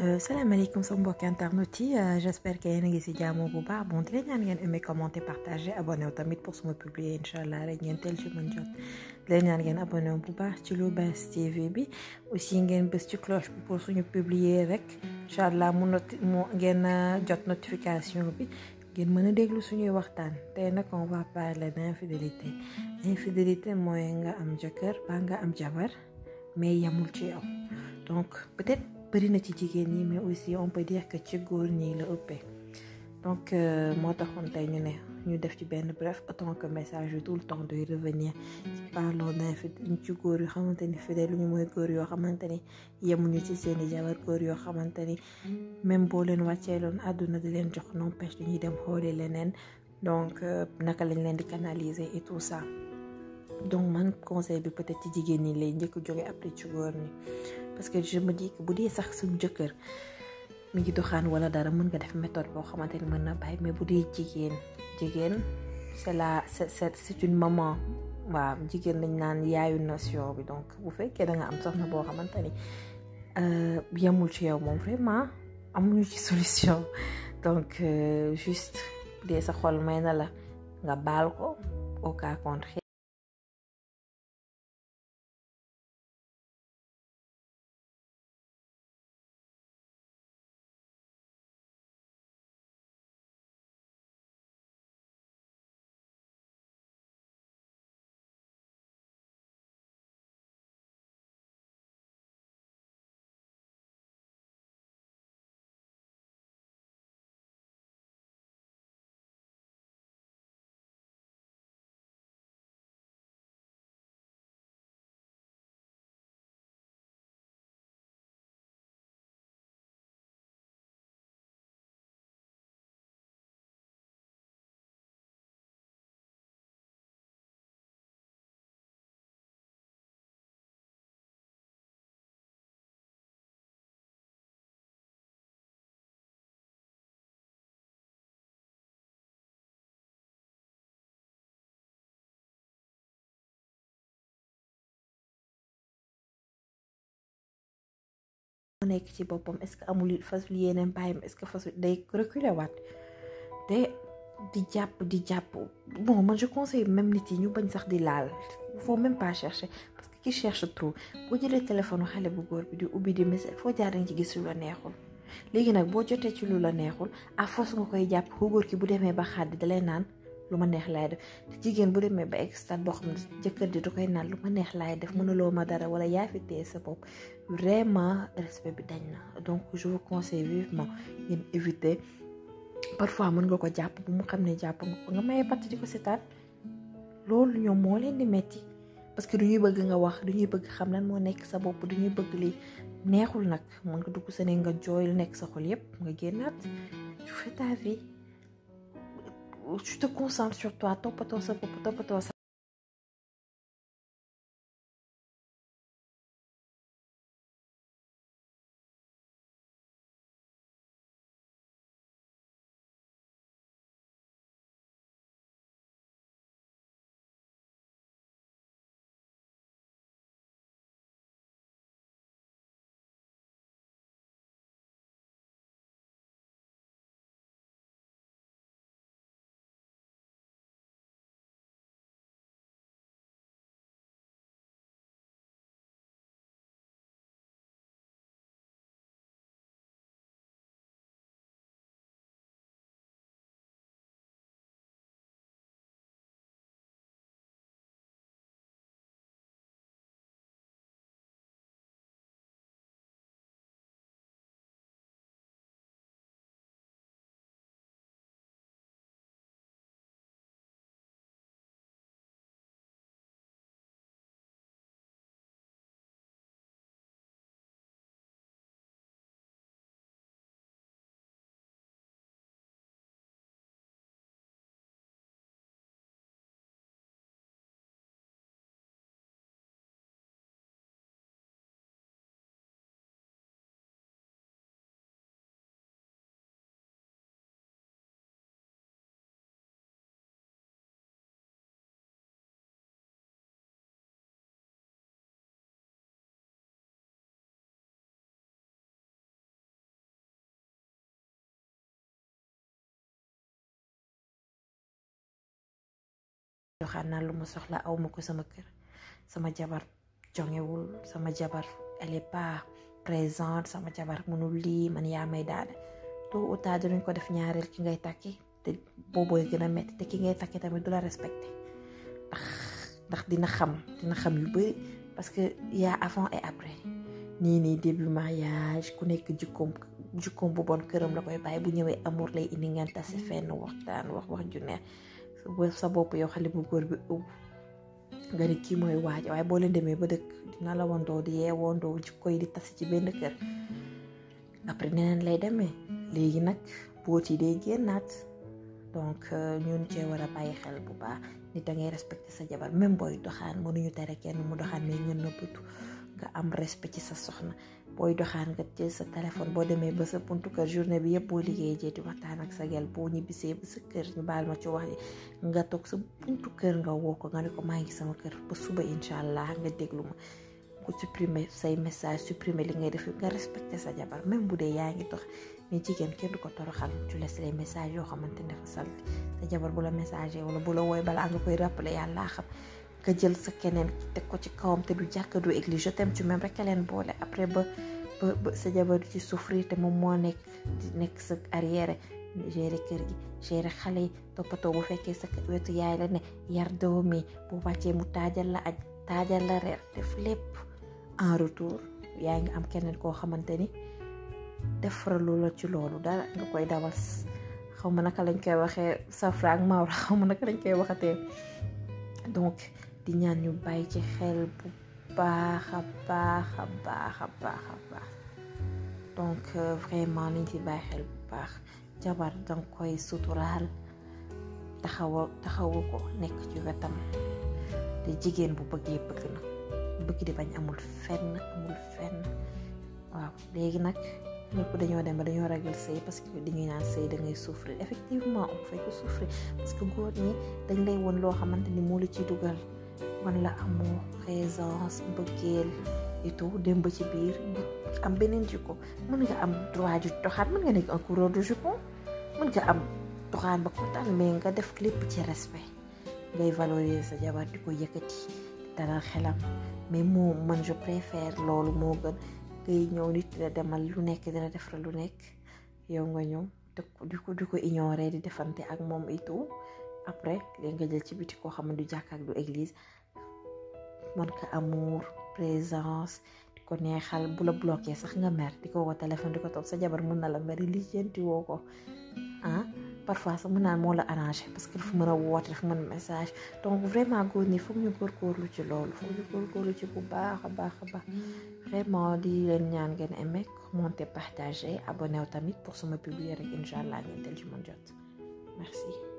Euh, salaamaaleykum sama mbokki internet yi euh, j'espère que yéen a ngi si jaamoo bu baax bon di la ñaan ngeen amee commenté partagé abonné wu tamit pour suma publier incha allah rek ngeen teel ci mën jot di la ñaan ngeen abonné bu baax ci Lu Bees TV bi aussi ngeen bës ci cloche bi pour suñu publier rek incha allah mu mu ngeen euh, jot notification bi ngeen mën a déglu suñuy waxtaan te nag on va parler d'infidélité infidélité mooy nga am jëkkër ba nga am jabar mais yamul ci yow bëri na ci jigéen ñi mais aussi on peut dire ci góor ñi la ëppee donc euh, moo taxoon tey ñu ne ñu def ci benn bref autant que message yi tout le temps doy revenir parlons d'un ci góor yoo xamante ni fidèle lu ñu mooy góor yoo xamante ni yemuñu ci seen i jabar góor yoo xamante ni même boo leen wàccee loon àdduna di leen jox n'empêche ñuy dem xooli leneen donc euh, naka lañ leen di canaliser et tout ça donc man conseil bi peut ci jigéen ñi lay njëkk jóge après ci góor ñi parce que je me dis bu dee sax suñu jëkkër mu ngi doxaan wala dara mën nga def méthode boo xamante ni mën na bàyyi mais bu dee jigéen jigéen c'est la c'est c'est une maman waaw jigéen lañ naan yaayu nation bi donc bu fekkee da nga am soxna boo xamante ni euh, yemul ci yow moom vraiment amuñu ci solution donc euh, juste dee sa xol may na la nga baal ko au cas contraire moo nekk ci boppam est-ce que amul fasul yeneen bàyyam est-ce que fasul day reculer waat te di jàpp di jàpp bon man je conseille même nit yi ñu bañ sax di laal foo même pas chercher parce que ki cherche trop boo jëlee téléphone xale bu góor bi di ubbi di message foo jaar dañ ci gis lu la neexul léegi nag boo jotee ci lu la neexul à force nga koy jàpp ku ki bu demee ba xàddi dalay naan lu ma neex laay def te jigéen bu demee ba egg stade boo xam ne jëkkër ji du koy naan lu ma neex laay def mënuloo ma dara wala yaa fi téye sa bopp vraiment respect bi dañ na donc je vous conseille vivement ngeen éviter parfois mën nga ko jàpp bu mu xam ne jàpp nga ko nga maye patt di ko seetaan ñoom moo leen di metti parce que du ñuy bëgg nga wax du ñuy bëgg xam lan moo nekk sa bopp du ñuy bëgg li neexul nag mën nga dugg sa ne nga jooy lu nekk sa xol yépp nga génnaat tu je te concentre sur toi toppatoo sa bopp toppatoo sa joxaat naa lu ma soxla aw ko sama kër sama jabar jongewul sama jabar elle est pas présente sama jabar mënul lii man yaa may daane tôt ou tard dinañ ko def ñaareel ki ngay takki te boobooy gën a metti te ki ngay takki tamit du la respecté ndax ndax dina xam dina xam yu bari parce que y a avant et après nii nii début mariage ku nekk jikkoom jikkoom bu bon këram la koy bàyyi bu ñëwee amour lay indi ngeen tase fenn waxtaan wax wax ju neex sa bopp yow xale bu góor bi ëpp nga ne kii mooy waaj waaye boo leen demee ba dëkk dina la wandoo di yeewandoo jikko yi di tasi ci benn kër après neneen lay demee léegi nag boot yi day génnaat donc euh, ñun cee war a bàyyi xel bu baax nit da ngay sa jabar même booy doxaan mënuñu tere kenn mu doxaan mais ngeen nëbbatu nga am respect ci sa soxna booy doxaan nga jël sa téléphone boo demee ba sa buntu kër journée bi yëpp boo liggéeyee jee di waxtaan ak sa gel boo ñibbisee ba sa kër baal ma ci wax ji nga toog sa kër nga ko nga ne ko maa ngi sama kër ba suba incha allah nga déglu ma ku supprimer say message supprimer li ngay def nga respecté sa jabar même bu dee yaa ngi dox mais jigéen kenn du ko toroxal tu laisses les messages yoo xamante ne dafa salté sa jabar bu la messager wala bu la wooy balaa nga koy rappeler yàlla xam. nga jël sa keneen teg ko ci kawam te du jàkka du église je t'aime tu leen boole après ba sa jabar ci souffrir te moom moo nekk nekk sa arrière gérer kër gi gérer xale yi toppatoo bu fekkee sa wetu yaay la ne yar doom yi bu mu taajal la aj taajala reer def lépp en retour yaa ngi am keneen koo xamante ni defaralu la ci loolu dara nga koy dawal xaw ma naka lañ koy waxee safra ak mawra xaw ma naka lañ koy waxatee donc di ñaan ñu bàyyi ci xel bu baax a baax a baax a baax donc euh, vraiment nañ ci bàyyi xel bu baax jabar danga koy suturaal taxawa taxawu ko nekk ci wetam te jigéen bu bëggee bëgg na bëgg di bañ amul fenn amul fenn waaw léegi nag ñëpp dañoo dem ba dañoo ragal sëy parce que dañuy naan sëy da ngay souffrir effectivement on fait que souffrir parce que góor ñi dañ lay woon loo xamante ni moo la ciy dugal la amour présence mbëggeel et tout dem ba ci biir am beneen jikko mën nga am droit ju doxaan mën nga nekk am doxaan ba kontaan mais nga def lépp ci respect ngay valoriser sa jabar di ko yëkkati dalal xelam mais moom man je préfère loolu moo gën ngay ñëw nit dina demal lu nekk dina def la lu nekk yow nga ñëw di ko di ignorer di defante ak moom et tout après léegi nga jël ci biti koo xam ne du jàkk ak du église mën ko amour présence di ko neexal bu la bloqué sax nga mer di ko woo téléphone di ko toog sa jabar mun na la mer li jënti woo ko ah parfois sax mun naan moo la arrangé parce que dafa mën a woote dafa mën message donc vraiment góor ñi foog ñu lu ci loolu foog ñu góorgóorlu ci bu baax a baax a baax vraiment di leen ñaan ngeen aimé commenté partagé abonné wu tamit pour suma publier rek incha allah ngeen tel ci mën jot merci